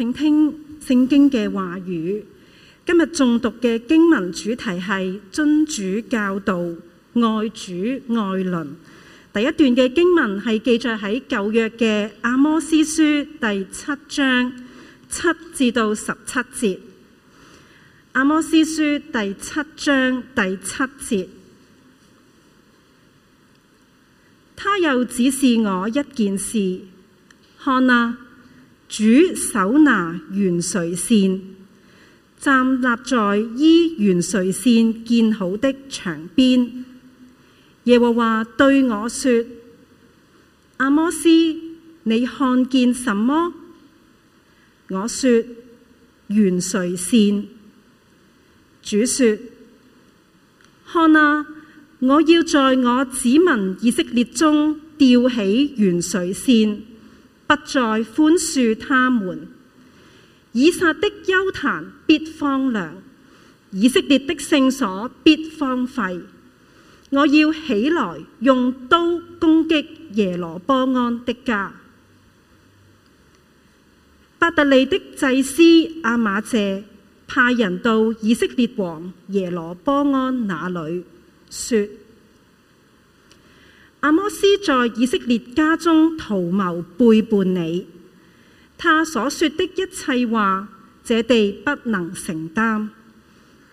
請聽聖經嘅話語。今日誦讀嘅經文主題係尊主教導愛主愛鄰。第一段嘅經文係記載喺舊約嘅阿摩司書第七章七至到十七節。阿摩司書第七章第七節，他又指示我一件事，看啊！主手拿鉛垂線，站立在依鉛垂線建好的牆邊。耶和華對我說：阿摩斯，你看見什麼？我說：鉛垂線。主說：看啊，我要在我子民以色列中吊起鉛垂線。不再寬恕他們，以撒的邱壇必荒涼，以色列的聖所必荒廢。我要起來用刀攻擊耶羅波安的家。伯特利的祭司阿馬謝派人到以色列王耶羅波安那裏，說。阿摩斯在以色列家中圖謀背叛你，他所說的一切話，這地不能承擔，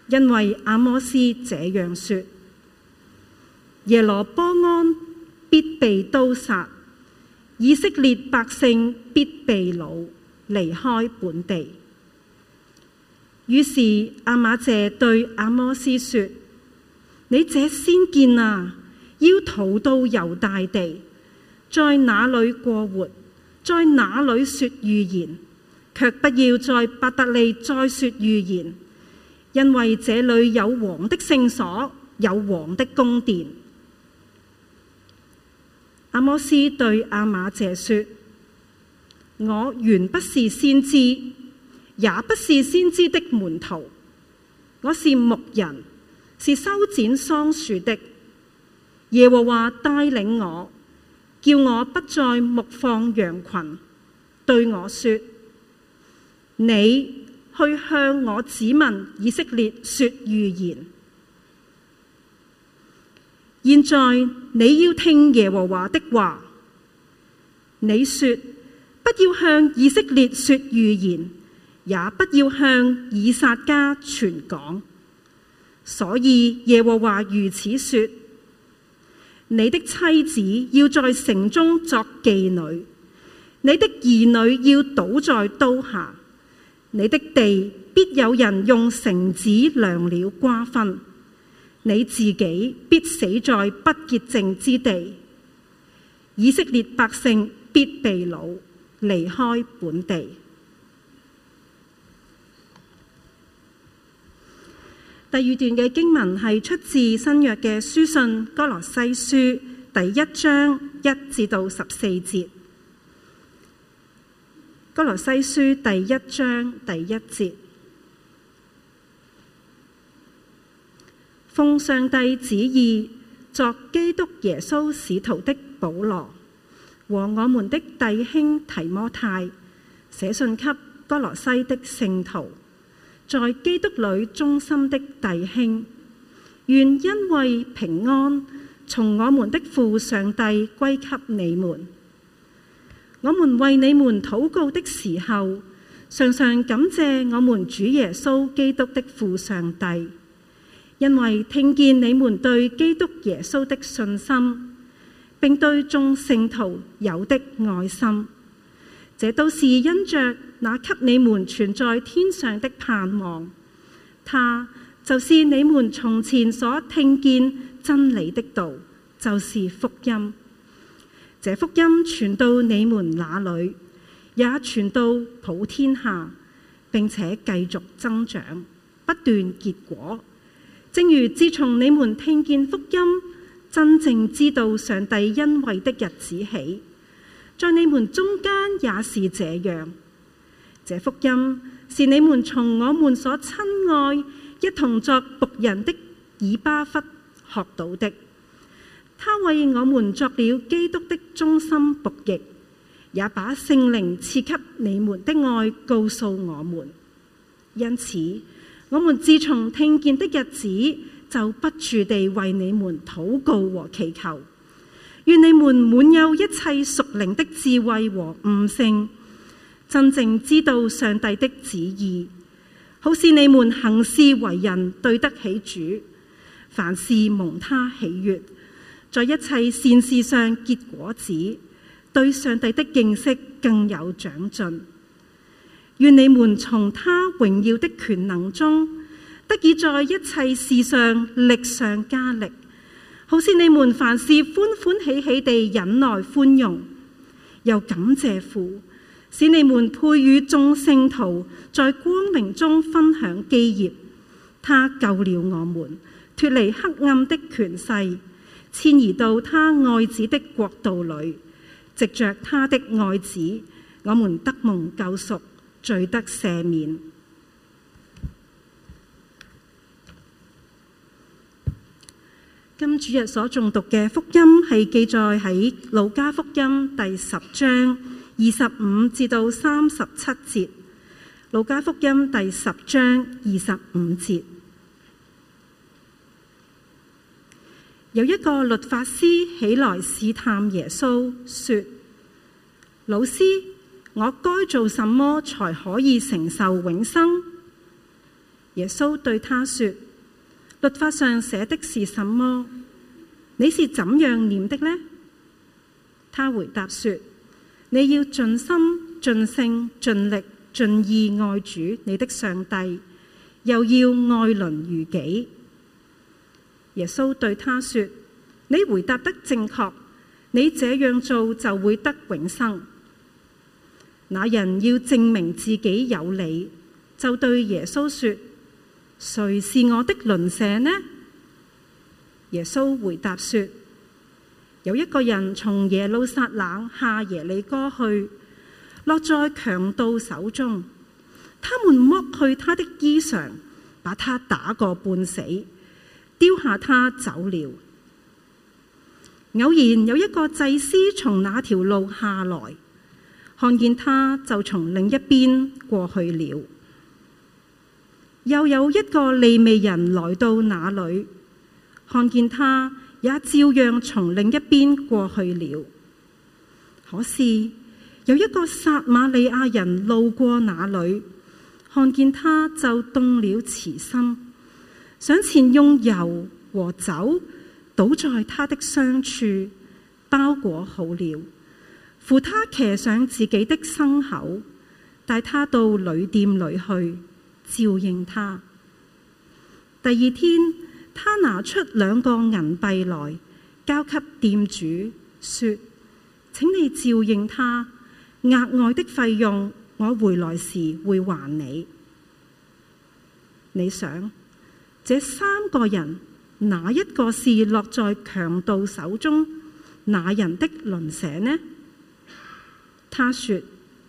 因為阿摩斯這樣說：耶羅波安必被刀殺，以色列百姓必被擄離開本地。於是阿瑪謝對阿摩斯說：你這先見啊！要逃到猶大地，在哪裏過活，在哪裏說預言，却不要在伯特利再說預言，因為這裏有王的聖所，有王的宮殿。阿摩斯對阿馬謝說：我原不是先知，也不是先知的門徒，我是牧人，是修剪桑樹的。耶和華帶領我，叫我不再牧放羊群，對我說：你去向我子民以色列說預言。現在你要聽耶和華的話。你說：不要向以色列說預言，也不要向以撒家傳講。所以耶和華如此說。你的妻子要在城中作妓女，你的兒女要倒在刀下，你的地必有人用繩子量了瓜分，你自己必死在不潔淨之地，以色列百姓必被擄離開本地。第二段嘅經文係出自新約嘅書信《哥羅西書》第一章一至到十四節，節《哥羅西書》第一章第一節，奉上帝旨意作基督耶穌使徒的保羅和我們的弟兄提摩太，寫信給哥羅西的聖徒。在基督裏忠心的弟兄，願因為平安從我們的父上帝歸給你們。我們為你們禱告的時候，常常感謝我們主耶穌基督的父上帝，因為聽見你們對基督耶穌的信心，並對眾聖徒有的愛心，這都是因着。那給你們存在天上的盼望，他就是你們從前所聽見真理的道，就是福音。這福音傳到你們那裏，也傳到普天下，並且繼續增長，不斷結果。正如自從你們聽見福音，真正知道上帝恩惠的日子起，在你們中間也是這樣。這福音是你們從我們所親愛一同作僕人的以巴弗學到的，他為我們作了基督的忠心僕役，也把聖靈賜給你們的愛告訴我們。因此，我們自從聽見的日子，就不住地為你們禱告和祈求，願你們滿有一切屬靈的智慧和悟性。真正知道上帝的旨意，好似你們行事為人對得起主，凡事蒙他喜悦，在一切善事上結果子，對上帝的認識更有長進。願你們從他榮耀的權能中，得以在一切事上力上加力，好似你們凡事歡歡喜喜地忍耐寬容，又感謝父。使你們配與眾聖徒在光明中分享基業。他救了我們，脱離黑暗的權勢，遷移到他愛子的國度裏。藉着他的愛子，我們得蒙救贖，罪得赦免。今主日所誦讀嘅福音係記載喺《路加福音》第十章。二十五至到三十七節，路加福音第十章二十五節。有一個律法師起來試探耶穌，說：老師，我該做什麼才可以承受永生？耶穌對他說：律法上寫的是什麼？你是怎樣念的呢？他回答說。你要盡心、盡性、盡力、盡意愛主你的上帝，又要愛鄰如己。耶穌對他說：你回答得正確，你這樣做就會得永生。那人要證明自己有理，就對耶穌說：誰是我的鄰舍呢？耶穌回答說：有一個人從耶路撒冷下耶利哥去，落在強盜手中，他們剝去他的衣裳，把他打個半死，丟下他走了。偶然有一個祭司從那條路下來，看見他就從另一邊過去了。又有一個利未人來到那裏，看見他，也照樣從另一邊過去了。可是有一個撒瑪利亞人路過那裏，看見他就動了慈心，上前用油和酒倒在他的傷處，包裹好了，扶他騎上自己的牲口，帶他到旅店裏去照應他。第二天。他拿出兩個銀幣來，交給店主，說：“請你照應他，額外的費用我回來時會還你。”你想，這三個人哪一個是落在強盜手中，哪人的鄰舍呢？他說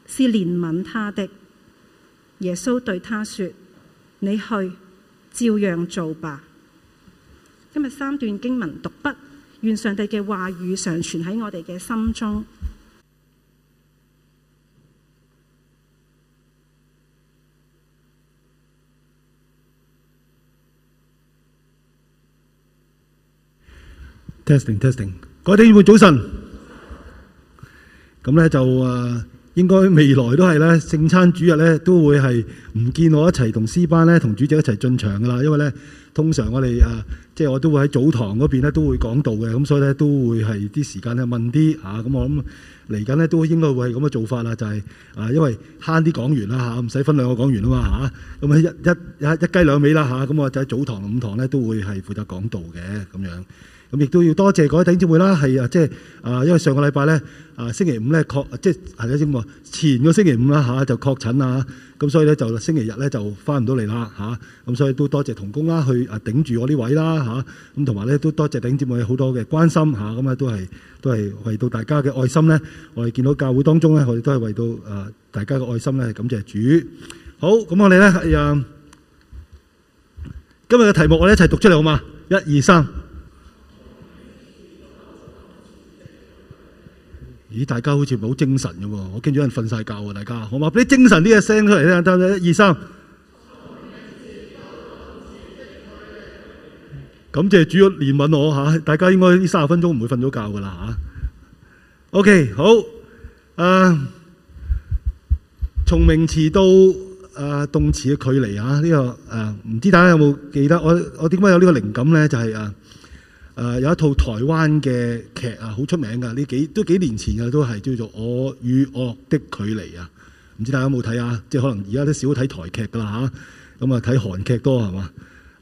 是憐憫他的。耶穌對他說：“你去照樣做吧。”今日三段經文讀畢，願上帝嘅話語常存喺我哋嘅心中。Testing，testing，各位弟兄早晨，咁咧就誒。應該未來都係咧，聖餐主日咧都會係唔見我一齊同詩班咧同主席一齊進場㗎啦，因為咧通常我哋啊，即、就、係、是、我都會喺早堂嗰邊咧都會講道嘅，咁所以咧都會係啲時間咧問啲嚇，咁、啊、我諗嚟緊咧都應該會係咁嘅做法啦，就係、是、啊，因為慳啲講完啦嚇，唔、啊、使分兩個講完啊嘛嚇，咁啊一一一雞兩味啦嚇，咁、啊、我就喺早堂、五堂咧都會係負責講道嘅咁樣。咁亦都要多謝各位頂住會啦，係啊，即係啊，因為上個禮拜咧，啊星期五咧確即係頭先話前個星期五啦嚇就確診啦嚇，咁所以咧就星期日咧就返唔到嚟啦嚇，咁所以都多謝同工啦，去啊頂住我呢位啦嚇，咁同埋咧都多謝頂住會好多嘅關心嚇，咁咧都係都係為到大家嘅愛心咧，我哋見到教會當中咧，我哋都係為到啊大家嘅愛心咧，係感謝主。好，咁我哋咧啊，今日嘅題目我哋一齊讀出嚟好嘛？一二三。咦，大家好似唔係好精神嘅喎，我見到有人瞓曬覺喎，大家好嘛？俾啲精神啲嘅聲出嚟啦，得啦，一二三。感謝主嘅憐憫，我大家應該呢三十分鐘唔會瞓咗覺㗎啦。OK，好啊，從名詞到啊動詞嘅距離啊，呢個誒唔知大家有冇記得？我我點解有呢個靈感呢？就係、是、啊。誒有一套台灣嘅劇啊，好出名㗎。呢幾都幾年前㗎，都係叫做《我與惡的距離》啊。唔知大家有冇睇啊？即係可能而家都少睇台劇㗎啦嚇，咁啊睇韓劇多係嘛、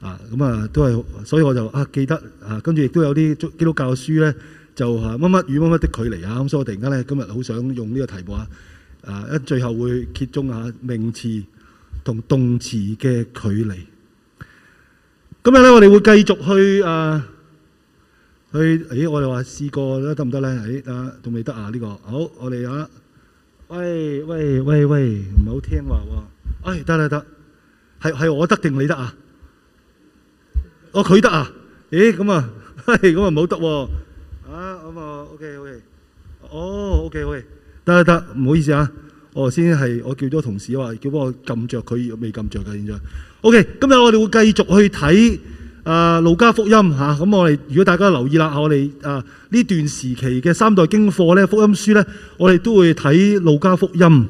uh, 啊？咁啊都係，所以我就啊記得啊，跟住亦都有啲基督教書咧，就係乜乜與乜乜的距離的啊。咁所以我突然間咧今日好想用呢個題目啊，啊一最後會揭中下名詞同動詞嘅距離。今日咧我哋會繼續去誒。啊去，誒我哋話試過咧得唔得咧？誒啊，仲未得啊？呢個好，我哋啊，喂喂喂喂，唔好聽話喎！誒得啦得，係係我得定你得啊？哦佢得啊？咦咁啊？係咁啊冇得喎！啊咁啊，OK OK，哦 OK OK，得啦得，唔好意思啊，我先係我叫咗同事話，叫我撳著佢，未撳著㗎現在。OK，今日我哋會繼續去睇。啊，路加福音嚇，咁我哋如果大家留意啦、啊，我哋啊呢段時期嘅三代經課咧，福音書咧，我哋都會睇路加福音。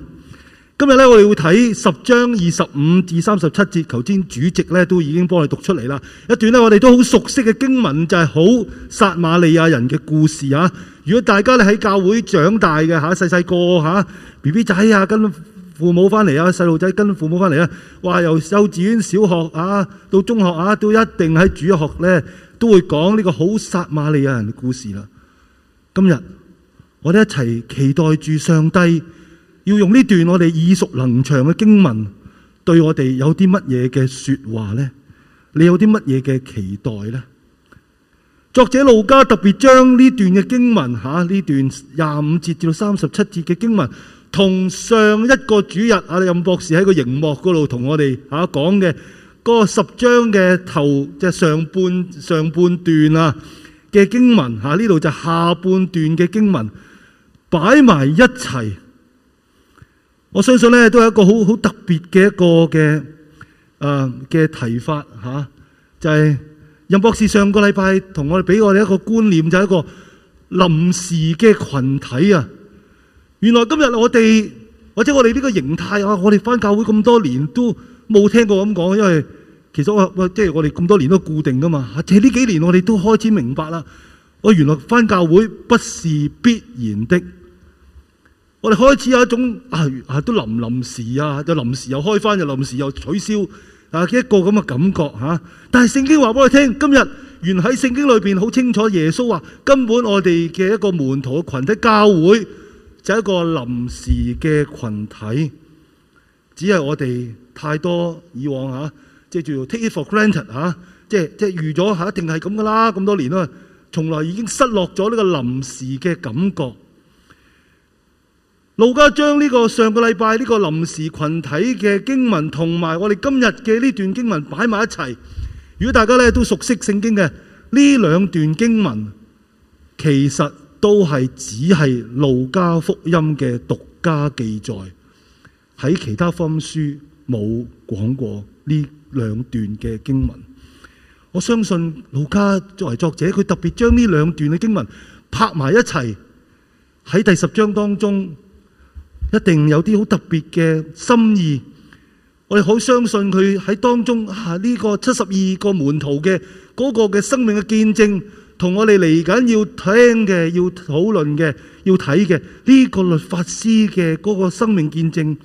今日咧，我哋會睇十章二十五至三十七節，頭先主席咧都已經幫你讀出嚟啦。一段咧，我哋都好熟悉嘅經文，就係好撒瑪利亞人嘅故事嚇、啊。如果大家咧喺教會長大嘅嚇，細細個嚇 B B 仔啊咁。跟父母翻嚟啊，細路仔跟父母翻嚟啊，哇！由幼稚園、小學啊，到中學啊，都一定喺主學咧，都會講呢個好撒瑪利亞人嘅故事啦。今日我哋一齊期待住上帝要用呢段我哋耳熟能詳嘅經文，對我哋有啲乜嘢嘅説話呢？你有啲乜嘢嘅期待呢？作者路加特別將呢段嘅經文嚇，呢段廿五節至到三十七節嘅經文。啊同上一個主日啊，任博士喺個熒幕嗰度同我哋嚇講嘅個十章嘅頭，即係上半上半段啊嘅經文嚇，呢度就下半段嘅經文擺埋一齊。我相信咧都係一個好好特別嘅一個嘅誒嘅提法嚇，就係任博士上個禮拜同我哋俾我哋一個觀念，就係一個臨時嘅群體啊。原來今日我哋或者我哋呢個形態啊，我哋返教會咁多年都冇聽過咁講，因為其實我即係我哋咁多年都固定㗎嘛。係呢幾年我哋都開始明白啦。我原來返教會不是必然的。我哋開始有一種啊啊都臨臨時啊，就臨時又開返，又臨時又取消啊，一個咁嘅感覺嚇。但係聖經話俾我聽，今日原來喺聖經裏邊好清楚耶穌，耶穌話根本我哋嘅一個門徒嘅群體教會。就一個臨時嘅群體，只係我哋太多以往嚇、啊，即係叫做 take it for granted 嚇、啊，即係即係預咗嚇，一、啊、定係咁噶啦，咁多年啦，從來已經失落咗呢個臨時嘅感覺。盧家將呢個上個禮拜呢個臨時群體嘅經文，同埋我哋今日嘅呢段經文擺埋一齊。如果大家咧都熟悉聖經嘅呢兩段經文，其實都係只係路加福音嘅獨家記載，喺其他方書冇講過呢兩段嘅經文。我相信路加作為作者，佢特別將呢兩段嘅經文拍埋一齊喺第十章當中，一定有啲好特別嘅心意。我哋好相信佢喺當中，啊呢個七十二個門徒嘅嗰個嘅生命嘅見證。同我哋嚟緊要聽嘅、要討論嘅、要睇嘅呢個律法師嘅嗰個生命見證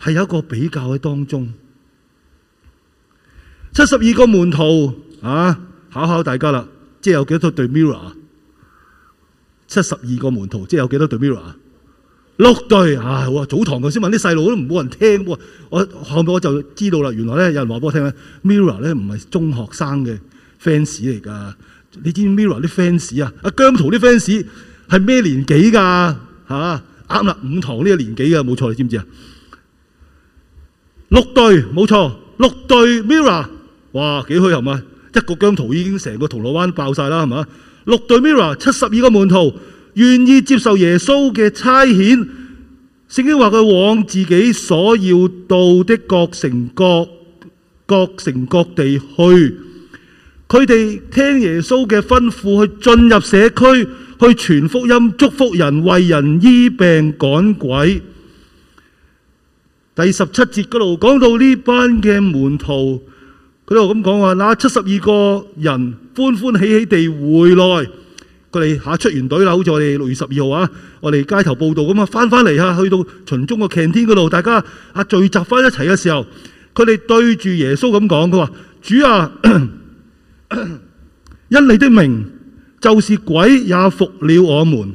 係有一個比較喺當中。七十二個門徒啊，考考大家啦，即係有幾多對 mirror？七十二個門徒，即係有幾多對 mirror？六對啊！哇，早堂頭先問啲細路都唔冇人聽，我後尾我就知道啦。原來咧有人話俾我聽咧，mirror 咧唔係中學生嘅 fans 嚟噶。你知唔知 m i r r o r 啲 fans 啊，阿姜圖啲 fans 係咩年紀噶？嚇啱啦，五堂呢個年紀嘅冇錯，你知唔知啊？六對冇錯，六對 m i r r o r 哇，幾虛撼啊！一個姜圖已經成個銅鑼灣爆晒啦，係嘛？六對 m i r r o r，七十二個門徒願意接受耶穌嘅差遣，聖經話佢往自己所要到的各城各各城各地去。佢哋聽耶穌嘅吩咐，去進入社區，去傳福音，祝福人，為人醫病趕鬼。第十七節嗰度講到呢班嘅門徒，佢哋又咁講話：，嗱，七十二個人歡歡喜喜地回來，佢哋嚇出完隊啦。好似我哋六月十二號啊，我哋街頭報道咁啊，翻翻嚟嚇，去到秦中個營天嗰度，大家啊聚集翻一齊嘅時候，佢哋對住耶穌咁講：，佢話主啊。因你 的名，就是鬼也服了我們。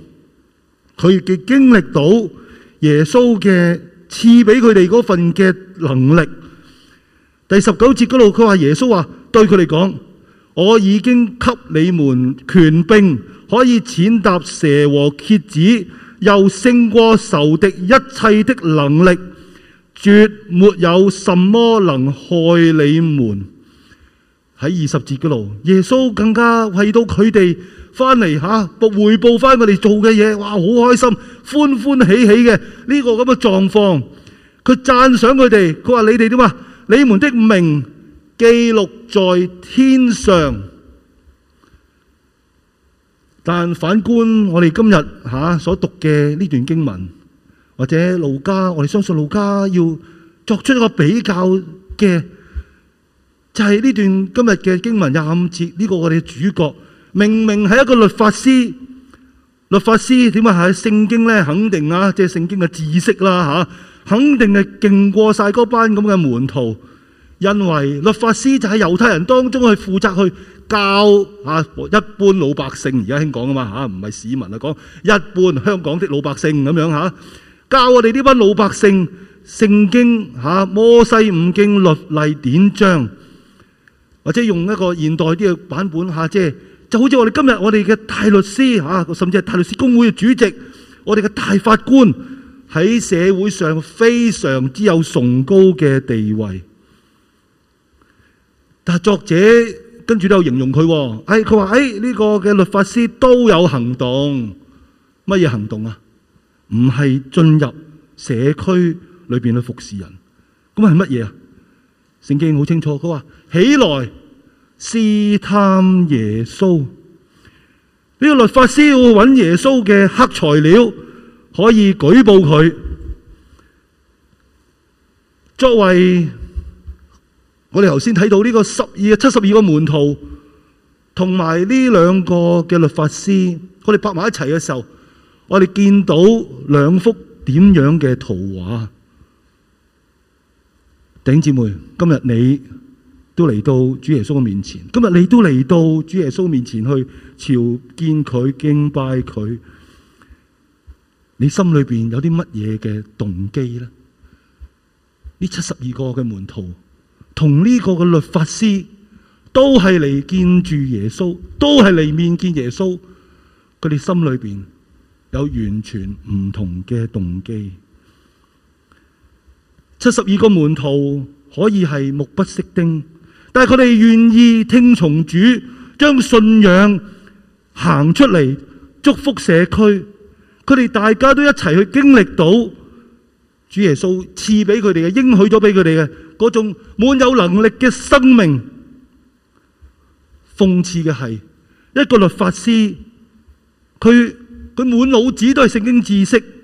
佢亦經歷到耶穌嘅賜俾佢哋嗰份嘅能力。第十九節嗰度，佢話耶穌話：對佢哋講，我已經給你們權柄，可以踐踏蛇和蠍子，又勝過仇敵一切的能力，絕沒有什麼能害你們。喺二十節嗰度，耶穌更加為到佢哋翻嚟吓，回報翻佢哋做嘅嘢，哇，好開心，歡歡喜喜嘅呢、這個咁嘅狀況，佢讚賞佢哋，佢話你哋點啊？你們的名記錄在天上。但反觀我哋今日、啊、所讀嘅呢段經文，或者路加，我哋相信路加要作出一個比較嘅。就係呢段今日嘅經文，廿五節呢個我哋嘅主角，明明係一個律法師。律法師點解喺聖經呢？肯定啊，即係聖經嘅知識啦嚇、啊，肯定係勁過晒嗰班咁嘅門徒，因為律法師就喺猶太人當中去負責去教啊一般老百姓。而家興講啊嘛嚇，唔係市民啊，講一般香港啲老百姓咁樣嚇，教我哋呢班老百姓聖經嚇、啊、摩西五經律例典章。或者用一個現代啲嘅版本嚇，即係就好似我哋今日我哋嘅大律師，甚至係大律師公會嘅主席，我哋嘅大法官喺社會上非常之有崇高嘅地位。但作者跟住都有形容佢，誒佢話誒呢個嘅律法師都有行動，乜嘢行動啊？唔係進入社區裏面去服侍人，咁係乜嘢啊？聖經好清楚，佢話起來試探耶穌，呢個律法師要揾耶穌嘅黑材料，可以舉報佢。作為我哋頭先睇到呢個十二、七十二個門徒，同埋呢兩個嘅律法師，佢哋拍埋一齊嘅時候，我哋見到兩幅點樣嘅圖畫。弟兄姊妹，今日你都嚟到嘅主耶穌面前，今日你都嚟到主耶穌面前去朝見佢敬拜佢，你心裏邊有啲乜嘢嘅動機咧？呢七十二個嘅門徒同呢個嘅律法師都係嚟見住耶穌，都係嚟面見耶穌，佢哋心裏邊有完全唔同嘅動機。七十二個門徒可以係目不識丁，但係佢哋願意聽從主，將信仰行出嚟，祝福社區。佢哋大家都一齊去經歷到主耶穌賜俾佢哋嘅、應許咗俾佢哋嘅嗰種滿有能力嘅生命。諷刺嘅係，一個律法師，佢佢滿腦子都係聖經知識。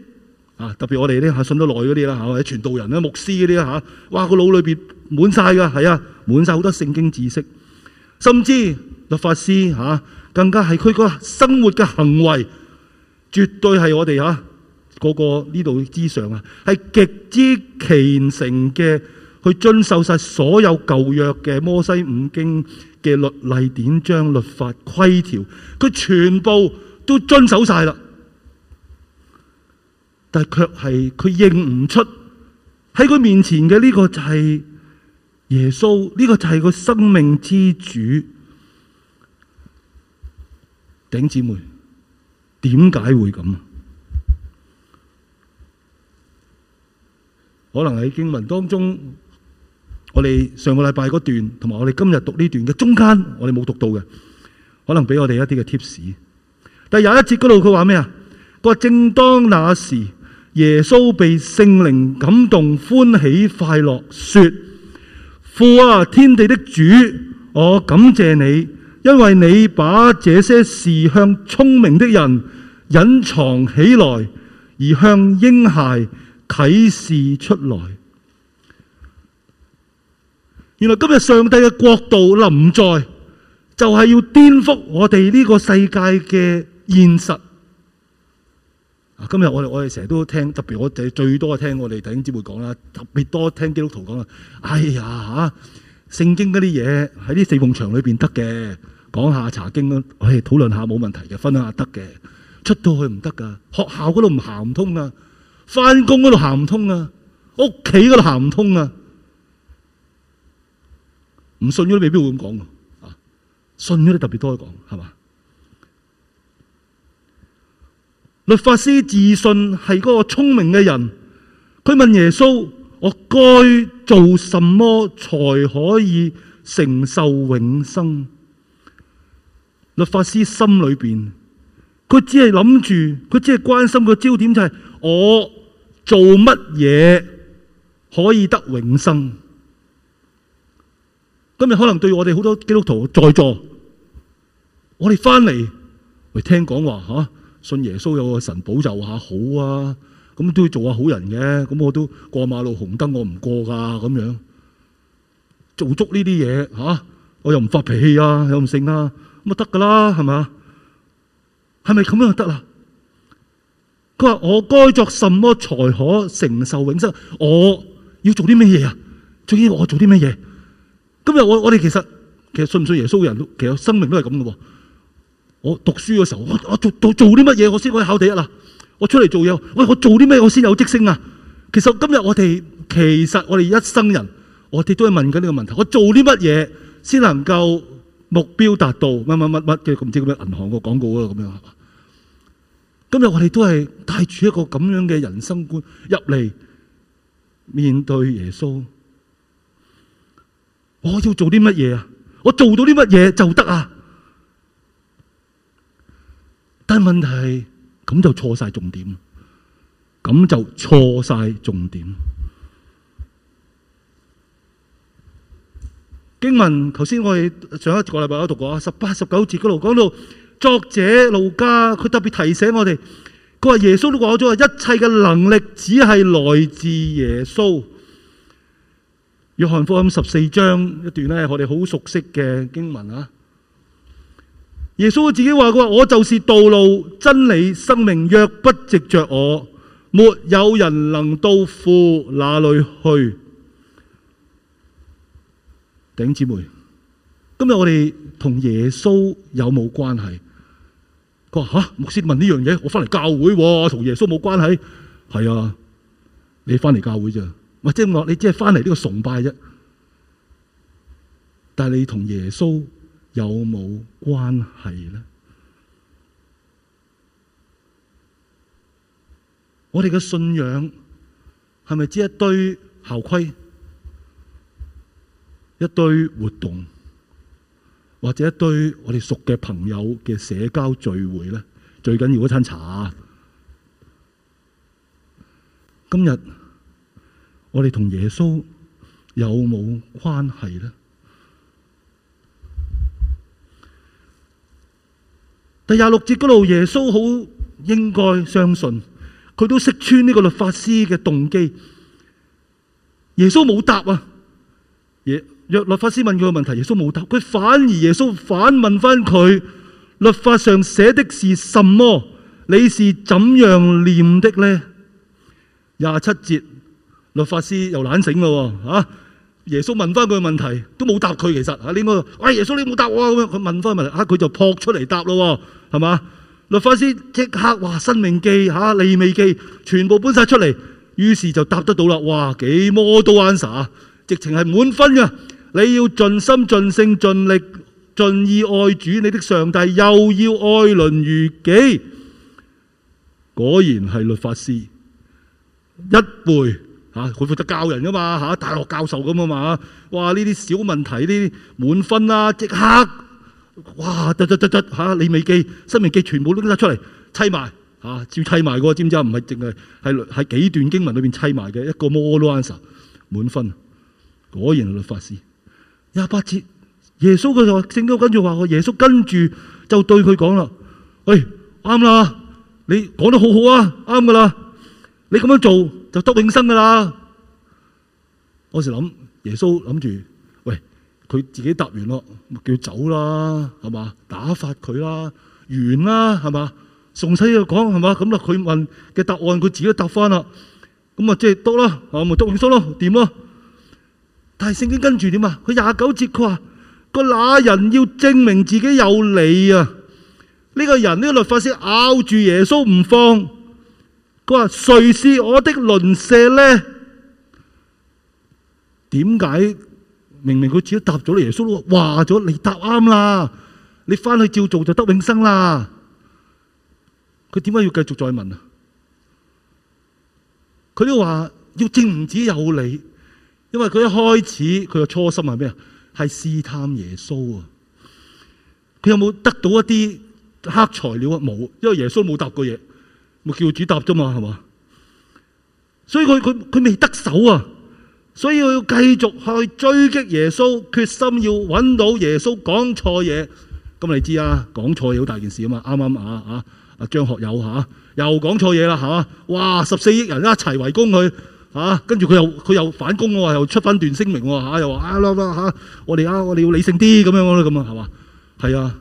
啊！特別我哋咧，信得耐嗰啲啦嚇，啲傳道人咧、牧師嗰啲嚇，哇！個腦裏邊滿晒噶，係啊，滿晒好多聖經知識，甚至律法師嚇、啊，更加係佢個生活嘅行為，絕對係我哋嚇嗰個呢度之上啊，係極之虔誠嘅，去遵守晒所有舊約嘅摩西五經嘅律例典章律法規條，佢全部都遵守晒啦。但係卻係佢認唔出喺佢面前嘅呢個就係耶穌，呢、這個就係佢生命之主。頂姊妹，點解會咁啊？可能喺經文當中，我哋上個禮拜嗰段，同埋我哋今日讀呢段嘅中間，我哋冇讀到嘅，可能俾我哋一啲嘅 tips。但有一節嗰度佢話咩啊？佢話正當那時。耶穌被聖靈感動，歡喜快樂，說：父啊，天地的主，我感謝你，因為你把這些事向聰明的人隱藏起來，而向嬰孩啟示出來。原來今日上帝嘅國度臨在，就係要顛覆我哋呢個世界嘅現實。今日我哋我哋成日都聽，特別我哋最多聽我哋弟兄姊妹講啦，特別多聽基督徒講啦。哎呀嚇、啊，聖經嗰啲嘢喺啲四埲牆裏邊得嘅，講下查經咯，唉、哎、討論下冇問題嘅，分享下得嘅，出到去唔得噶，學校嗰度唔行唔通啊，翻工嗰度行唔通啊，屋企嗰度行唔通啊，唔信嗰啲未必會咁講嘅，信嗰啲特別多講係嘛？律法師自信係嗰個聰明嘅人，佢問耶穌：我該做什麼才可以承受永生？律法師心裏面，佢只係諗住，佢只係關心個焦點就係、是、我做乜嘢可以得永生。今日可能對我哋好多基督徒在座，我哋翻嚟嚟聽講話吓。啊信耶穌有個神保佑下好啊，咁都要做下好人嘅，咁我都過馬路紅燈我唔過噶，咁樣做足呢啲嘢嚇，我又唔發脾氣啊，又唔勝啊，咁啊得噶啦，係咪？係咪咁樣就得啦？佢話我該作什麼才可承受永生？我要做啲咩嘢啊？最緊要我做啲咩嘢？今日我我哋其實其實信唔信耶穌嘅人，其實生命都係咁嘅喎。我讀書嘅時候，我我做做做啲乜嘢，我先可以考第一啦。我出嚟做嘢，喂，我做啲咩，我先有晉升啊？其實今日我哋，其實我哋一生人，我哋都係問緊呢個問題：我做啲乜嘢，先能夠目標達到？乜乜乜乜嘅，唔知咩銀行個廣告啊咁樣。今日我哋都係帶住一個咁樣嘅人生觀入嚟面對耶穌。我要做啲乜嘢啊？我做到啲乜嘢就得啊？但係問題係，咁就錯晒重點，咁就錯晒重點。 經文頭先我哋上一個禮拜都讀過，十八十九節嗰度講到作者路加，佢特別提醒我哋，佢話耶穌都講咗，一切嘅能力只係來自耶穌。約翰福音十四章一段咧，我哋好熟悉嘅經文。耶穌自己話，佢話，我就是道路、真理、生命，若不藉着我，沒有人能到父那裏去。頂姊妹，今日我哋同耶穌有冇關係？佢話吓，牧師問呢樣嘢，我翻嚟教會，啊，同耶穌冇關係。係啊，你翻嚟教會啫，我即係你只係翻嚟呢個崇拜啫。但係你同耶穌。有冇關係咧？我哋嘅信仰係咪只一堆校規、一堆活動，或者一堆我哋熟嘅朋友嘅社交聚會咧？最緊要嗰餐茶。今日我哋同耶穌有冇關係咧？第廿六節嗰度，耶穌好應該相信佢都識穿呢個律法師嘅動機。耶穌冇答啊，若律法師問佢個問題，耶穌冇答，佢反而耶穌反問翻佢：律法上寫的是什麼？你是怎樣念的咧？廿七節，律法師又懶醒咯，吓、啊。耶穌問翻佢問題，都冇答佢其實。吓、你冇、哎，耶穌你冇答我咁樣，佢問翻問題，佢就撲出嚟答咯，係嘛？律法師即刻，哇，申命記吓、啊，利未記全部搬晒出嚟，於是就答得到啦。哇，幾魔多 answer，直情係滿分噶。你要盡心盡性盡力盡意愛主你的上帝，又要愛鄰如己，果然係律法師一背。嚇，佢負責教人噶嘛嚇、啊，大學教授咁啊嘛嚇，哇，呢啲小問題呢啲滿分啦、啊，即刻哇得得得得。嚇、啊，你未記，生命記全部拎得出嚟砌埋嚇，照砌埋個，知唔知啊？唔係淨係係係幾段經文裏邊砌埋嘅一個 model answer 滿分、啊，果然係律法師。廿八節，耶穌佢就聖經就跟住話，耶穌跟住就對佢講啦，喂，啱啦，你講得好好啊，啱噶啦，你咁樣做。就得永生噶啦！我時諗耶穌諗住，喂，佢自己答完咯，叫佢走啦，係嘛？打發佢啦，完啦，係嘛？細就講係嘛？咁啦，佢問嘅答案佢自己都答翻啦，咁啊，即係得啦，啊，咪得永生咯，掂咯？但係聖經跟住點啊？佢廿九節佢話個那人要證明自己有理啊！呢個人呢個律法師咬住耶穌唔放。佢話，誰是我的鄰舍咧？點解明明佢自己都答咗你耶穌咯？話咗你答啱啦，你返去照做就得永生啦。佢點解要繼續再問啊？佢都話要證明自己有理，因為佢一開始，佢個初心係咩啊？係試探耶穌啊！佢有冇得到一啲黑材料啊？冇，因為耶穌冇答過嘢。咪叫主答啫嘛，係嘛？所以佢佢佢未得手啊，所以佢要繼續去追擊耶穌，決心要揾到耶穌講錯嘢。咁你知啊，講錯嘢好大件事啊嘛，啱啱啊？啊，阿、啊、張學友吓、啊啊、又講錯嘢啦，係、啊、嘛？哇，十四億人一齊圍攻佢，吓、啊，跟住佢又佢又反攻喎、啊，又出翻段聲明吓、啊啊，又話啊啦啦吓，我哋啊我哋要理性啲咁樣咯，咁啊係嘛？係啊，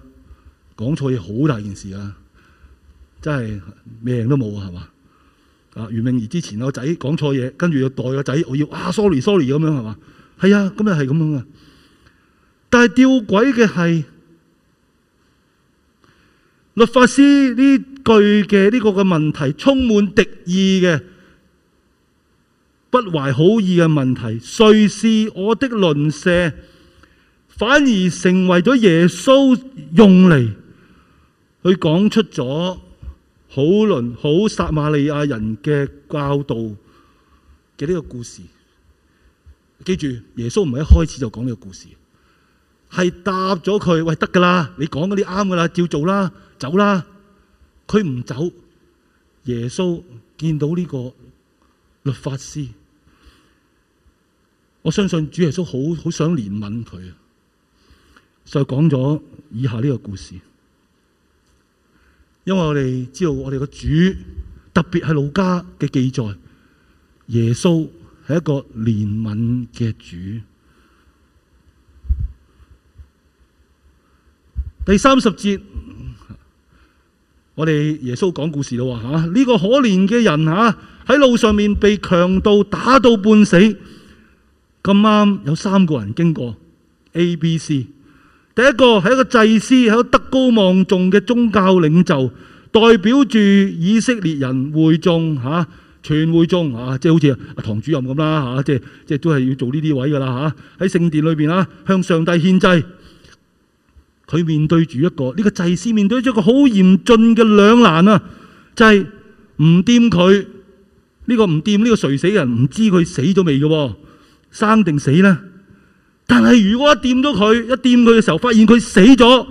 講錯嘢好大件事啊！真係命都冇啊，係嘛啊？袁詠儀之前個仔講錯嘢，跟住要代個仔，我要啊，sorry，sorry 咁樣係嘛？係啊，今日係咁噶。但係吊詭嘅係，律法師呢句嘅呢個嘅問題，充滿敵意嘅、不懷好意嘅問題，誰是我的鄰舍，反而成為咗耶穌用嚟去講出咗。好倫好撒瑪利亞人嘅教導嘅呢個故事，記住耶穌唔係一開始就講呢個故事，係答咗佢喂得噶啦，你講嗰啲啱噶啦，照做啦，走啦。佢唔走，耶穌見到呢個律法師，我相信主耶穌好好想憐憫佢啊，就講咗以下呢個故事。因為我哋知道我哋個主，特別喺路加嘅記載，耶穌係一個憐憫嘅主。第三十節，我哋耶穌講故事啦，吓、這、呢個可憐嘅人吓喺路上面被強盜打到半死，咁啱有三個人經過 A、B、C。第一個係一個祭司，係個德高望重嘅宗教領袖，代表住以色列人會眾吓、啊，全會眾啊，即係好似阿唐主任咁啦吓，即係即係都係要做呢啲位噶啦吓。喺、啊、聖殿裏邊啊，向上帝獻祭，佢面對住一個呢，呢個祭司面對咗一個好嚴峻嘅兩難啊，就係唔掂佢呢個唔掂呢個垂死人，唔知佢死咗未嘅，生定死咧？但係如果一掂咗佢，一掂佢嘅時候，發現佢死咗，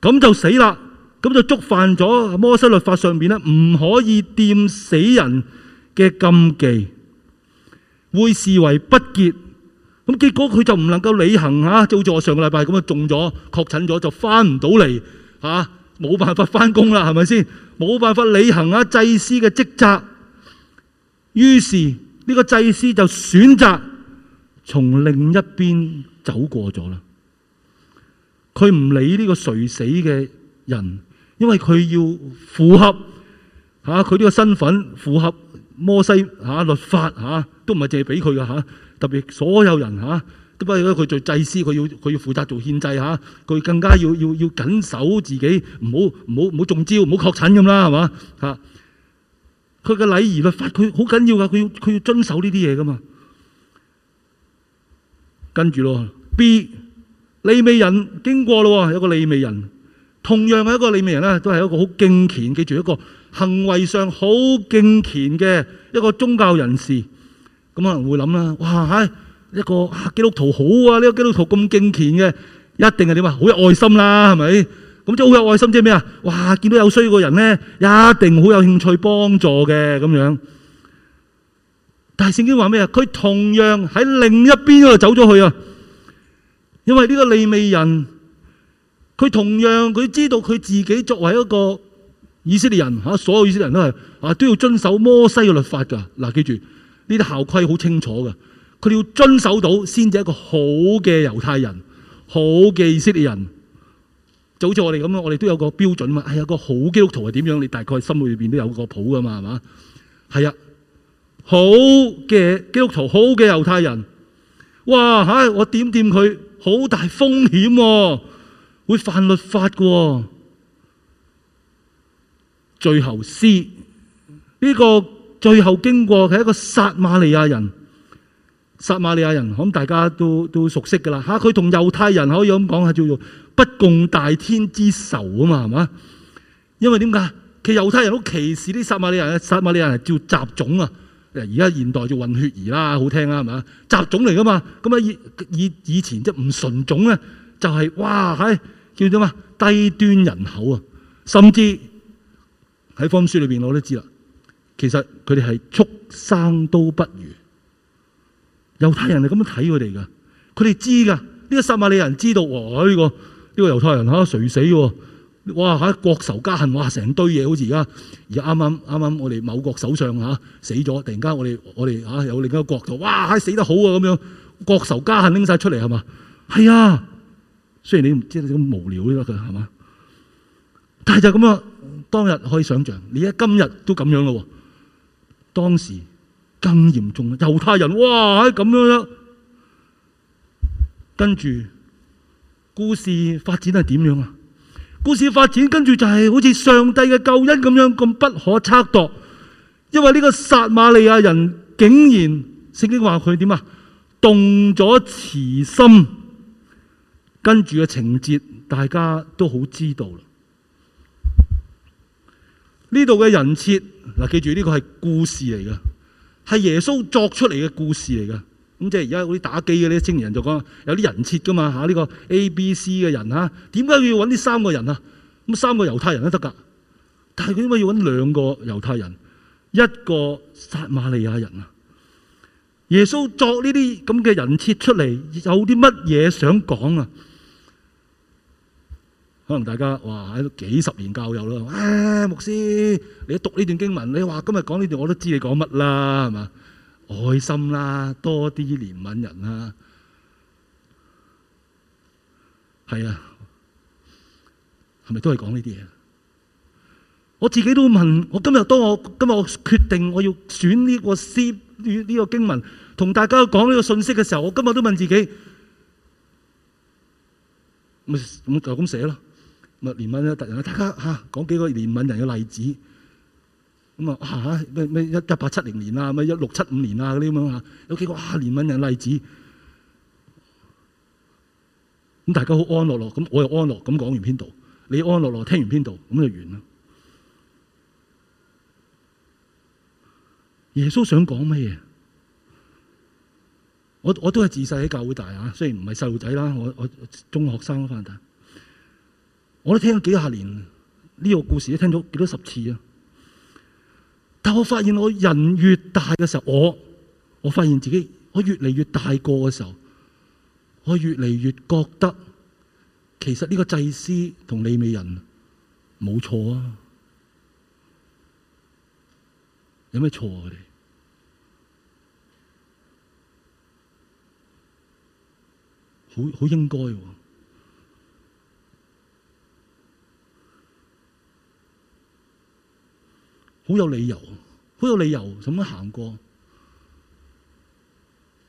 咁就死啦，咁就觸犯咗摩西律法上邊咧，唔可以掂死人嘅禁忌，會視為不潔。咁結果佢就唔能夠履行啊，就做上個禮拜咁啊中咗確診咗，就翻唔到嚟嚇，冇辦法翻工啦，係咪先？冇辦法履行啊祭司嘅職責。於是呢個祭司就選擇，從另一邊走過咗啦，佢唔理呢個垂死嘅人，因為佢要符合嚇佢呢個身份，符合摩西嚇、啊、律法嚇、啊、都唔係借俾佢嘅嚇，特別所有人嚇，因為佢做祭司，佢要佢要負責做獻祭嚇，佢、啊、更加要要要緊守自己，唔好唔好唔好中招，唔好確診咁啦，係嘛嚇？佢、啊、嘅禮儀律法佢好緊要㗎，佢要佢要遵守呢啲嘢㗎嘛。跟住咯，B 利未人經過咯，一個利未人，同樣係一個利未人咧，都係一個好敬虔，記住一個行為上好敬虔嘅一個宗教人士。咁可能會諗啦，哇，喺、哎、一個、啊、基督徒好啊，呢、這個基督徒咁敬虔嘅，一定係點啊？好有愛心啦，係咪？咁即係好有愛心，即係咩啊？哇，見到有衰個人咧，一定好有興趣幫助嘅，咁樣。但係聖經話咩啊？佢同樣喺另一邊度走咗去啊！因為呢個利未人，佢同樣佢知道佢自己作為一個以色列人吓，所有以色列人都係啊都要遵守摩西嘅律法噶。嗱、啊，記住呢啲校規好清楚噶，佢哋要遵守到先至一個好嘅猶太人，好嘅以色列人。就好似我哋咁樣，我哋都有個標準嘛。係啊，個好基督徒係點樣？你大概心裏邊都有個譜噶嘛，係嘛？係啊。.好嘅基督徒，好嘅猶太人，哇嚇！我點掂佢好大風險喎、哦，會犯律法嘅、哦。最後詩呢個最後經過係一個撒瑪利亞人，撒瑪利亞人我諗大家都都熟悉嘅啦嚇。佢、啊、同猶太人可以咁講係叫做不共戴天之仇啊嘛，係嘛？因為點解其實猶太人好歧視啲撒瑪利亞人嘅？撒瑪利亞人係叫雜種啊。而家現，現代叫混血兒啦，好聽啦，係咪啊？雜種嚟噶嘛。咁啊，以以以前即係唔純種啊，就是，就係哇，係叫做咩低端人口啊？甚至喺《方書》裏邊，我都知啦。其實佢哋係畜生都不如。猶太人係咁樣睇佢哋噶，佢哋知噶。呢個撒馬利人知道喎，呢、這個呢、這個猶太人吓，垂死喎。哇！嚇，國仇家恨，哇！成堆嘢好似而家，而家啱啱啱啱，剛剛我哋某國首相吓，死咗，突然間我哋我哋吓、啊，有另一個國度，哇！嚇、啊、死得好啊，咁樣國仇家恨拎晒出嚟係嘛？係啊，雖然你唔知，係咁無聊都得嘅係嘛？但係就咁樣，當日可以想像，你而家今日都咁樣咯。當時更嚴重，猶太人哇！嚇、啊、咁樣啦，跟住故事發展係點樣啊？故事發展跟住就係好似上帝嘅救恩咁樣咁不可測度，因為呢個撒瑪利亞人竟然聖經話佢點啊動咗慈心，跟住嘅情節大家都好知道啦。呢度嘅人設嗱，記住呢個係故事嚟嘅，係耶穌作出嚟嘅故事嚟嘅。咁即係而家嗰啲打機嘅啲青年人就講，有啲人設噶嘛嚇呢個 A、B、C 嘅人嚇，點解要揾呢三個人啊？咁三個猶太人都得㗎，但係佢點解要揾兩個猶太人，一個撒瑪利亞人啊？耶穌作呢啲咁嘅人設出嚟，有啲乜嘢想講啊？可能大家哇喺度幾十年教友啦，啊牧師，你讀呢段經文，你話今日講呢段我都知你講乜啦，係嘛？愛心啦、啊，多啲憐憫人啦，係啊，係咪、啊、都係講呢啲嘢？我自己都問，我今日當我今日我決定我要選呢個詩呢個經文，同大家講呢個信息嘅時候，我今日都問自己，咪就咁寫咯，咪憐憫一啲人啦，突然啊，大家吓講、啊、幾個憐憫人嘅例子。咁啊吓咩咩一八七零年啊，咩一六七五年啊嗰啲咁啊，有幾個啊年份嘅例子。咁大家好安樂樂，咁我又安樂，咁講完篇道，你安樂樂聽完篇道，咁就完啦。耶穌想講乜嘢？我我都係自細喺教會大啊，雖然唔係細路仔啦，我我中學生嘅範我，我都聽咗幾廿年呢個故事，都聽咗幾多十次啊。但我發現我人越大嘅時候，我我發現自己我越嚟越大個嘅時候，我越嚟越覺得其實呢個祭司同利未人冇錯啊！有咩錯啊？佢哋好好應該喎，啊。好有理由，好有理由咁樣行過。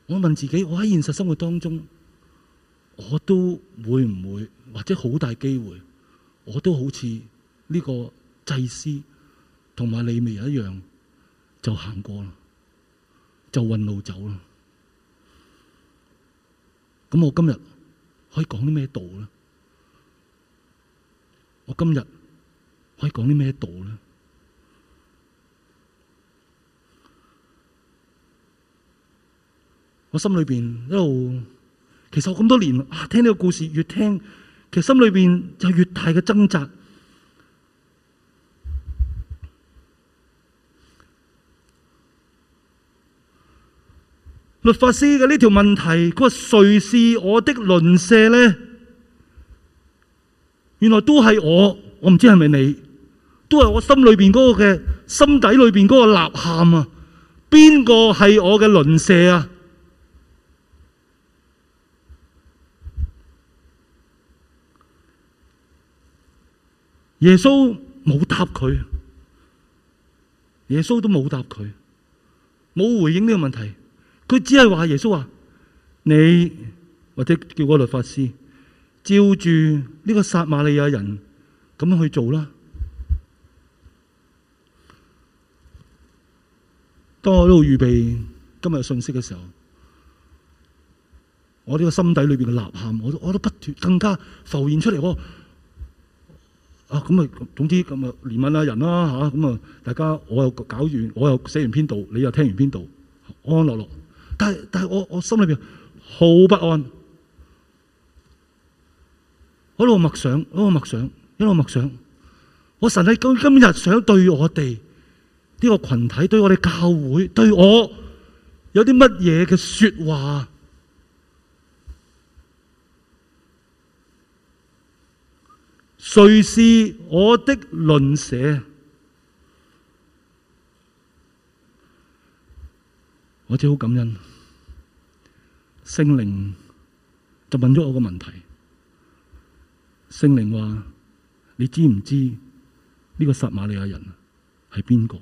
我問自己，我喺現實生活當中，我都會唔會或者好大機會，我都好似呢個祭司同埋利未人一樣，就行過啦，就運路走啦。咁我今日可以講啲咩道咧？我今日可以講啲咩道咧？我心裏邊一路，其實我咁多年、啊、聽呢個故事，越聽其實心裏邊就越大嘅掙扎。律法師嘅呢條問題，佢話，誰是我的鄰舍呢？原來都係我，我唔知係咪你，都係我心裏邊嗰個嘅心底裏邊嗰個吶喊啊！邊個係我嘅鄰舍啊？耶穌冇答佢，耶穌都冇答佢，冇回應呢個問題。佢只係話：耶穌話你或者叫個律法師照住呢個撒瑪利亞人咁樣去做啦。當我喺度預備今日信息嘅時候，我呢個心底裏邊嘅呐喊，我都不斷更加浮現出嚟啊咁總之咁啊，連問下人啦嚇咁啊，大家我又搞完，我又寫完篇道，你又聽完篇道，安安樂樂。但係但係，我我心裏邊好不安，我一路默想，一路默想，一路默想，我神喺今今日想對我哋呢個群體，對我哋教會，對我有啲乜嘢嘅説話。誰是我的鄰舍？我真好感恩。聖靈就問咗我個問題：聖靈話你知唔知呢個撒瑪利亞人係邊個？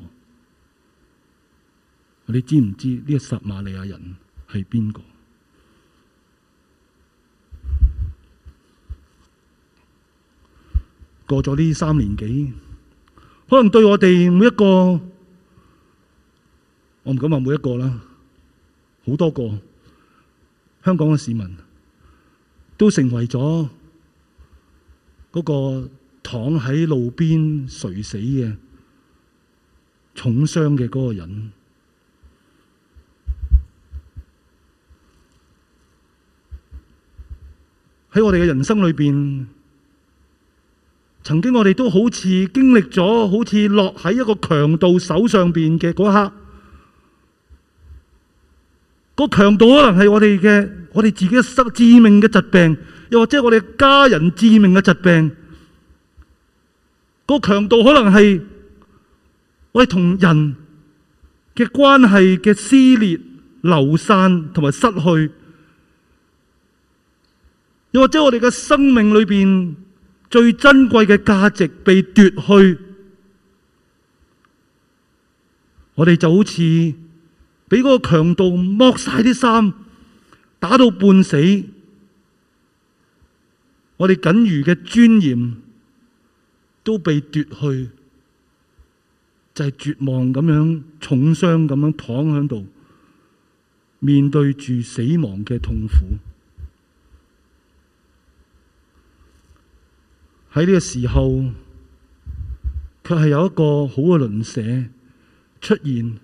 你知唔知呢個撒瑪利亞人係邊個？過咗呢三年幾，可能對我哋每一個，我唔敢話每一個啦，好多個香港嘅市民都成為咗嗰個躺喺路邊垂死嘅重傷嘅嗰個人。喺我哋嘅人生裏邊。曾經我哋都好似經歷咗，好似落喺一個強盜手上邊嘅嗰刻，嗰強盜可能係我哋嘅，我哋自己失致命嘅疾病，又或者我哋家人致命嘅疾病，嗰強盜可能係我哋同人嘅關係嘅撕裂、流散同埋失去，又或者我哋嘅生命裏邊。最珍貴嘅價值被奪去，我哋就好似俾嗰個強盜剝晒啲衫，打到半死，我哋僅餘嘅尊嚴都被奪去，就係絕望咁樣，重傷咁樣躺喺度，面對住死亡嘅痛苦。喺呢個時候，卻係有一個好嘅鄰舍出現。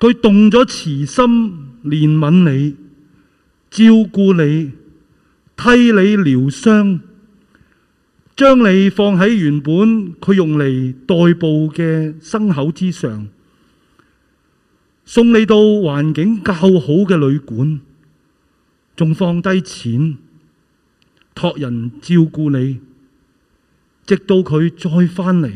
佢動咗慈心憐憫你，照顧你，替你療傷，將你放喺原本佢用嚟代步嘅牲口之上，送你到環境較好嘅旅館，仲放低錢託人照顧你。直到佢再返嚟，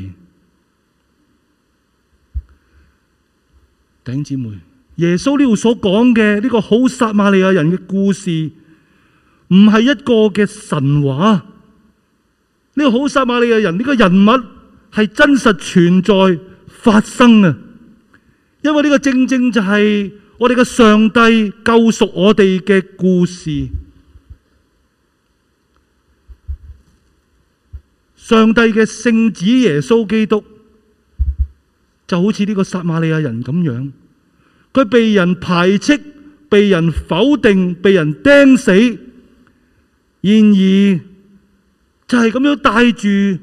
弟兄姊妹，耶穌呢度所講嘅呢個好撒瑪利亞人嘅故事，唔係一個嘅神話。呢、這個好撒瑪利亞人呢、這個人物係真實存在發生嘅，因為呢個正正就係我哋嘅上帝救贖我哋嘅故事。上帝嘅聖子耶穌基督就好似呢個撒瑪利亞人咁樣，佢被人排斥、被人否定、被人釘死，然而就係咁樣帶住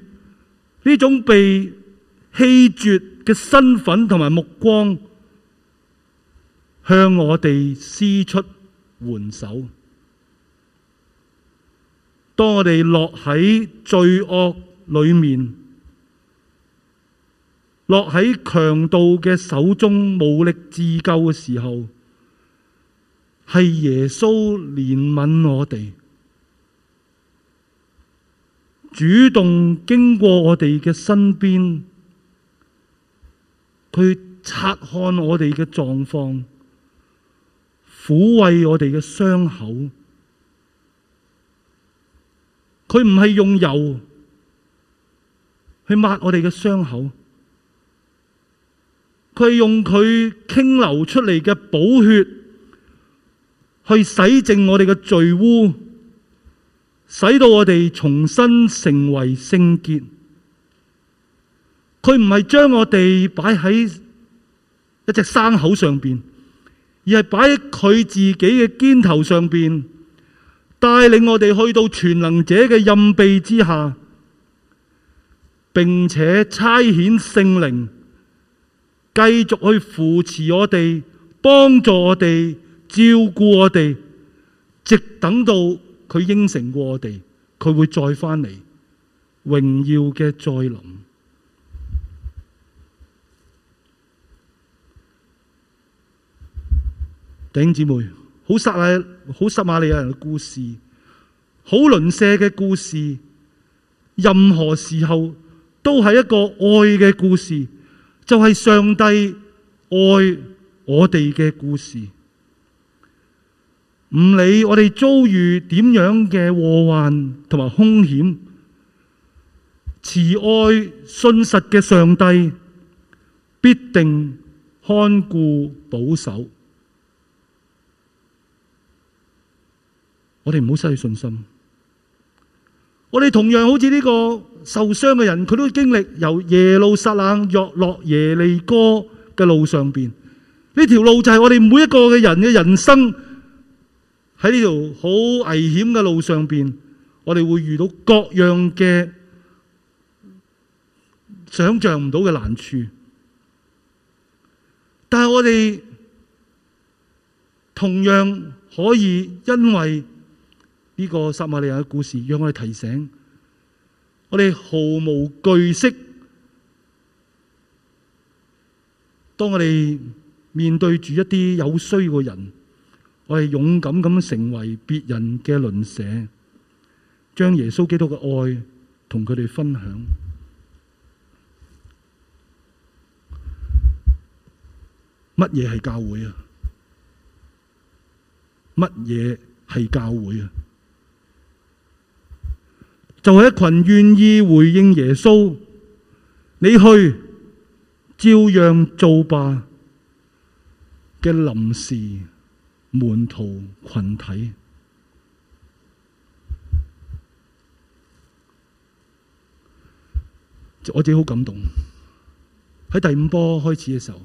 呢種被棄絕嘅身份同埋目光，向我哋伸出援手。當我哋落喺罪惡。裏面，落喺強盜嘅手中，無力自救嘅時候，係耶穌憐憫我哋，主動經過我哋嘅身邊，佢察看我哋嘅狀況，撫慰我哋嘅傷口，佢唔係用油。去抹我哋嘅傷口，佢用佢傾流出嚟嘅寶血，去洗淨我哋嘅罪污，使到我哋重新成為聖潔。佢唔係將我哋擺喺一隻牲口上邊，而係擺喺佢自己嘅肩頭上邊，帶領我哋去到全能者嘅蔭庇之下。並且差遣聖靈，繼續去扶持我哋，幫助我哋，照顧我哋，直等到佢應承過我哋，佢會再翻嚟，榮耀嘅再臨。弟兄姊妹，好撒拉，好撒馬利亞人嘅故事，好鄰舍嘅故事，任何時候，都係一個愛嘅故事，就係、是、上帝愛我哋嘅故事。唔理我哋遭遇點樣嘅禍患同埋凶險，慈愛信實嘅上帝必定看顧保守。我哋唔好失去信心。我哋同樣好似呢、這個。受傷嘅人，佢都經歷由耶路撒冷入落耶利哥嘅路上邊，呢條路就係我哋每一個嘅人嘅人生。喺呢條好危險嘅路上邊，我哋會遇到各樣嘅想象唔到嘅難處，但係我哋同樣可以因為呢個撒瑪利亞嘅故事，讓我哋提醒。我哋毫無懼色，當我哋面對住一啲有需要嘅人，我哋勇敢咁成為別人嘅鄰舍，將耶穌基督嘅愛同佢哋分享。乜嘢係教會啊？乜嘢係教會啊？就係一群願意回應耶穌，你去照樣做吧，嘅臨時門徒群體。我自己好感動。喺第五波開始嘅時候，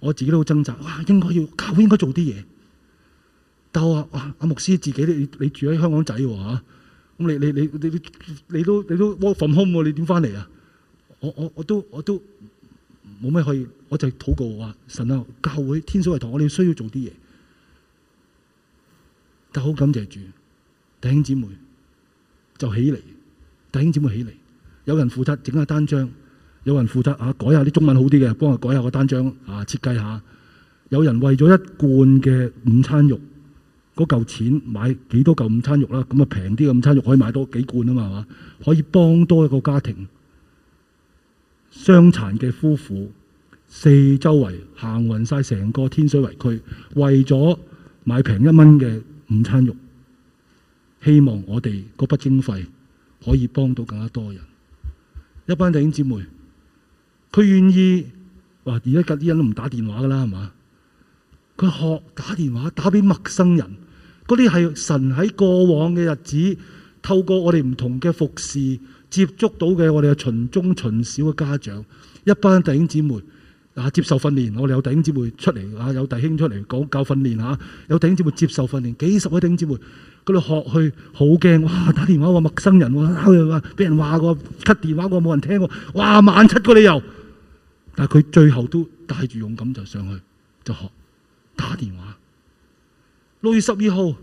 我自己都好掙扎。哇，應該要教，靠應該做啲嘢。但係我阿阿牧師自己，你住喺香港仔喎吓。啊你你你你你你都你都 work from home 喎，你點翻嚟啊？我我我都我都冇咩可以，我就禱告話，神啊，教會天水圍堂，我哋需要做啲嘢。但好感謝主，弟兄姊妹就起嚟，弟兄姊妹起嚟，有人負責整下單張，有人負責啊改下啲中文好啲嘅，幫我改下個單張啊設計下，有人為咗一罐嘅午餐肉。多嚿錢買幾多嚿午餐肉啦？咁啊平啲嘅午餐肉可以買多幾罐啊嘛，係嘛？可以幫多一個家庭傷殘嘅夫婦四周圍行勻晒成個天水圍區，為咗買平一蚊嘅午餐肉，希望我哋嗰筆經費可以幫到更加多人。一班弟兄姊妹，佢願意話：而家隔啲人都唔打電話㗎啦，係嘛？佢學打電話打俾陌生人。嗰啲係神喺過往嘅日子，透過我哋唔同嘅服侍接觸到嘅，我哋嘅循中循小嘅家長，一班弟兄姊妹啊，接受訓練，我哋有弟兄姊妹出嚟啊，有弟兄出嚟講教訓練啊，有弟兄姊妹、啊、妹接受訓練，幾十位弟兄姊妹嗰度學去，好驚，哇！打電話喎，陌生人喎，俾人話喎，cut 電話喎，冇人聽喎，哇！萬七個理由。但係佢最後都帶住勇敢就上去就學，就學打電話。六月十二號，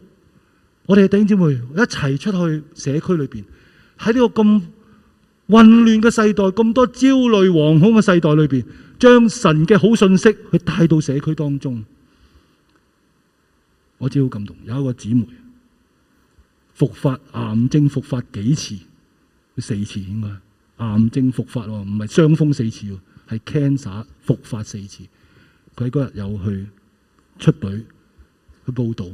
我哋弟兄姊妹一齊出去社區裏面。喺呢個咁混亂嘅世代，咁多焦慮惶恐嘅世代裏面，將神嘅好信息去帶到社區當中，我真係好感動。有一個姊妹復發癌症復發幾次，四次應該癌症復發喎，唔係傷風四次，係 cancer 復發四次。佢喺嗰日有去出隊。去報導，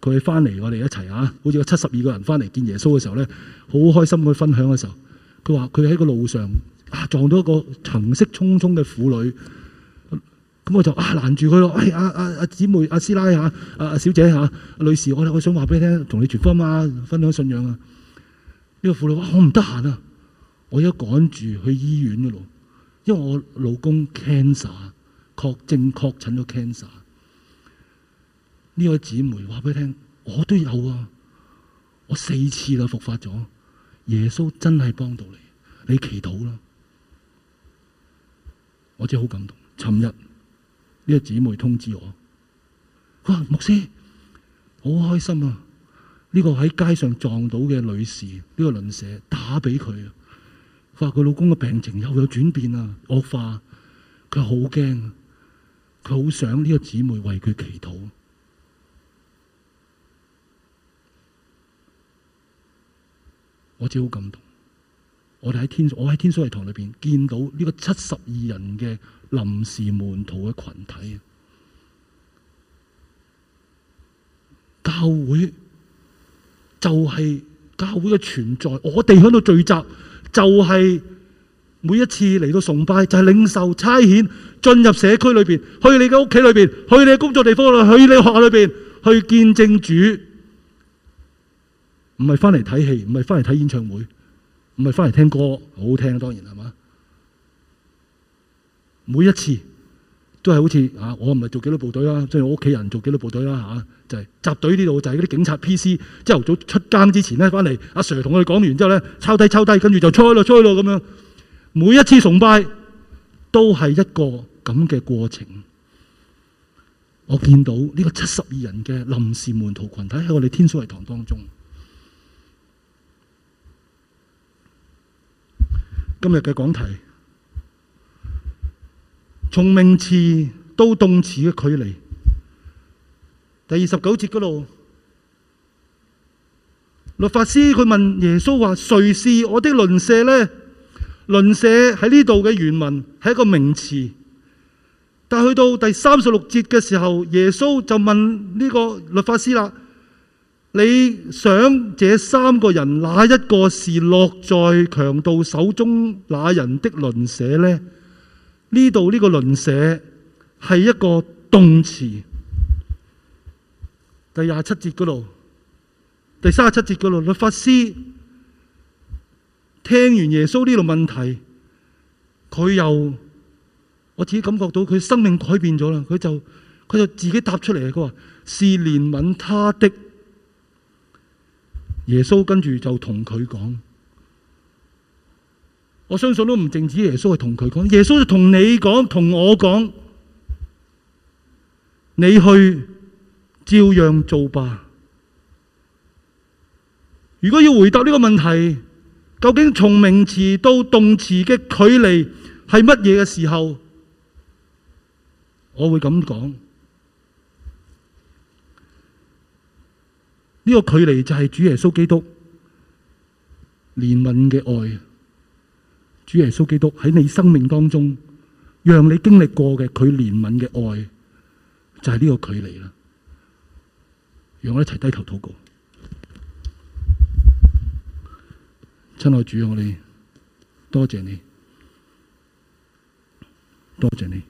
佢翻嚟我哋一齊啊！好似有七十二個人翻嚟見耶穌嘅時候咧，好開心去分享嘅時候，佢話：佢喺個路上、啊、撞到一個神色匆匆嘅婦女，咁我就啊攔住佢咯！哎啊啊啊姊妹阿師奶嚇啊，啊，啊，啊，啊小姐嚇、啊、女士，我我想話俾你聽，同你傳福音啊，分享信仰啊！呢、呢個婦女話：我唔得閒啊，我而家趕住去醫院嘅路，因為我老公 cancer 確症確診咗 cancer。呢位姊妹話俾你聽，我都有啊！我四次啦，復發咗，耶穌真係幫到你，你祈禱啦！我真係好感動。尋日呢個姊妹通知我，哇，牧師好開心啊！呢個喺街上撞到嘅女士，呢個鄰舍打畀佢，話佢老公嘅病情又有轉變啊，惡化，佢好驚，佢好想呢個姊妹為佢祈禱。我真好感動，我哋喺天，我喺天水圍堂裏邊見到呢個七十二人嘅臨時門徒嘅群體，教會就係教會嘅存在，我哋喺度聚集就係、是、每一次嚟到崇拜就係、是、領受差遣進入社區裏邊，去你嘅屋企裏邊，去你嘅工作地方啦，去你學校裏邊去見證主。唔係翻嚟睇戲，唔係翻嚟睇演唱會，唔係翻嚟聽歌，好聽當然係嘛。每一次都係好似啊，我唔係做紀律部隊啦，即、啊、係、就是、我屋企人做紀律部隊啦，吓就係集隊呢度，就係嗰啲警察 P.C. 朝頭早出更之前呢翻嚟阿 Sir 同我哋講完之後呢，抄低抄低，跟住就吹咯吹咯咁樣。每一次崇拜都係一個咁嘅過程。我見到呢個七十二人嘅臨時門徒群體喺我哋天水圍堂當中。今日嘅講題，從名詞到動詞嘅距離。第二十九節嗰度，律法師佢問耶穌話：誰是我的鄰舍呢？鄰舍喺呢度嘅原文係一個名詞，但去到第三十六節嘅時候，耶穌就問呢個律法師啦。你想這三個人哪一個是落在強盜手中那人的鄰舍呢？呢度呢個鄰舍係一個動詞。第二十七節嗰度，第三十七節嗰度，律法師聽完耶穌呢個問題，佢又我自己感覺到佢生命改變咗啦。佢就佢就自己答出嚟，佢話是憐憫他的。耶穌跟住就同佢講，我相信都唔淨止耶穌係同佢講，耶穌就同你講，同我講，你去照樣做吧。如果要回答呢個問題，究竟從名詞到動詞嘅距離係乜嘢嘅時候，我會咁講。呢個距離就係主耶穌基督憐憫嘅愛，主耶穌基督喺你生命當中，讓你經歷過嘅佢憐憫嘅愛，就係呢個距離啦。讓我一齊低頭禱告，親愛主，我哋多謝你，多謝你，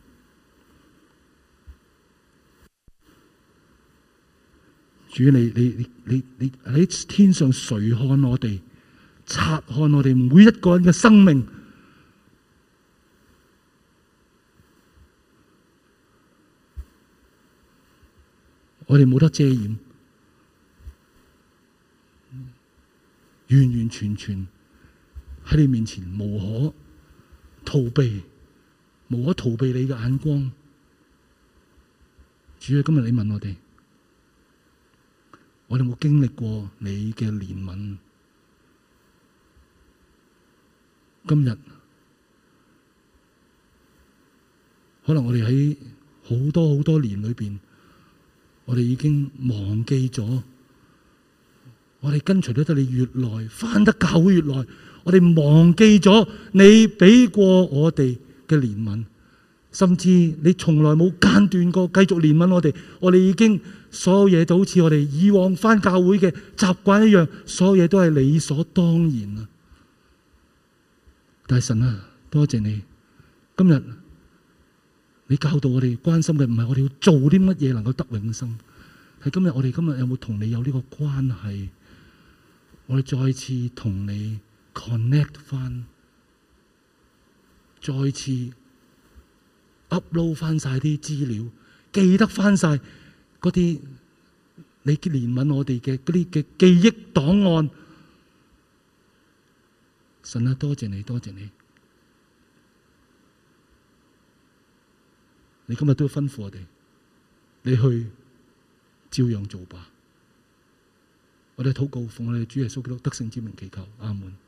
主你你。你你喺天上垂看我哋，察看我哋每一個人嘅生命，我哋冇得遮掩，完完全全喺你面前無可逃避，無可逃避你嘅眼光。主啊，今日你問我哋。我哋冇經歷過你嘅憐憫。今日可能我哋喺好多好多年裏邊，我哋已經忘記咗，我哋跟隨咗得到你越耐，返得教會越耐，我哋忘記咗你俾過我哋嘅憐憫，甚至你從來冇間斷過繼續憐憫我哋，我哋已經。所有嘢都好似我哋以往翻教會嘅習慣一樣，所有嘢都係理所當然啊！大神啊，多謝你今日你教導我哋關心嘅唔係我哋要做啲乜嘢能夠得永生，係今日我哋今日有冇同你有呢個關係？我哋再次同你 connect 翻，再次 upload 翻晒啲資料，記得翻晒。嗰啲你憐憫我哋嘅嗰啲嘅記憶檔案，神啊，多謝你，多謝你，你今日都要吩咐我哋，你去照樣做吧。我哋禱告，奉我哋主耶穌基督得勝之名祈求，阿門。